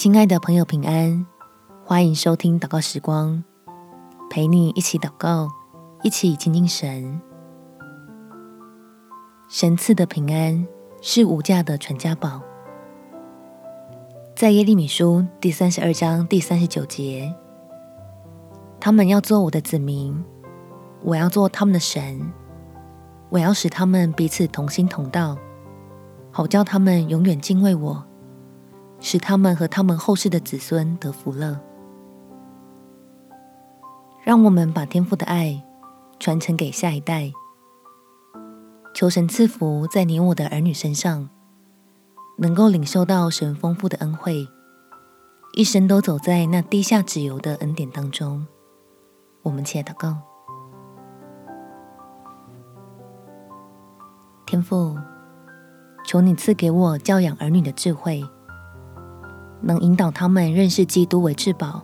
親愛的朋友，平安，歡迎收聽禱告時光，陪你一起禱告，一起親近神。神賜的平安是無價的傳家寶。在耶利米書第三十二章第三十九節，他們要做我的子民，我要做他們的神，我要使他們彼此同心同道，好叫他們永遠敬畏我。使他們和他們後世的子孫得福樂。讓我們把天父的愛，傳承給下一代。求神賜福在你我的兒女身上，能夠領受到神豐富的恩惠，一生都走在那滴下脂油的恩典當中。我們起來禱告。天父，求你賜給我教養兒女的智慧。能引導他們認識基督為至寶，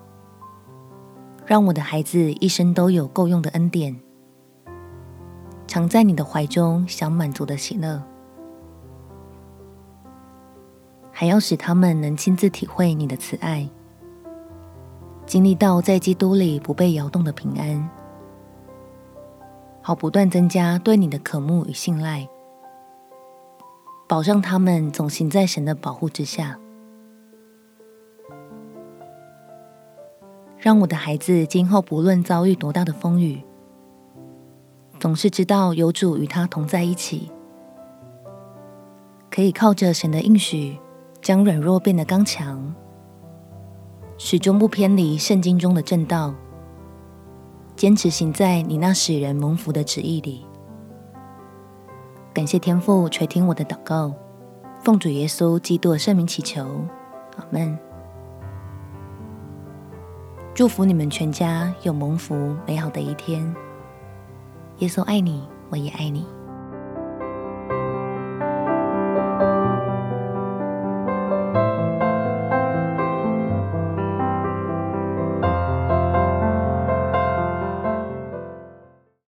讓我的孩子一生都有夠用的恩典，常在你的懷中，享滿足的喜樂。還要使他們能親自體會你的慈愛，經歷到在基督裡不被搖動的平安，好不斷增加對你的渴慕與信賴，保障他們總行在神的保護之下。讓我的孩子今後不論遭遇多大的風雨，總是知道有主與他同在一起，可以靠着神的應許，將軟弱變得剛強，始終不偏離聖經中的正道，堅持行在你那使人蒙福的旨意裡。感謝天父垂聽我的禱告，奉主耶穌基督的聖名祈求，阿門。祝福你們全家有蒙福美好的一天。耶穌愛你，我也愛你。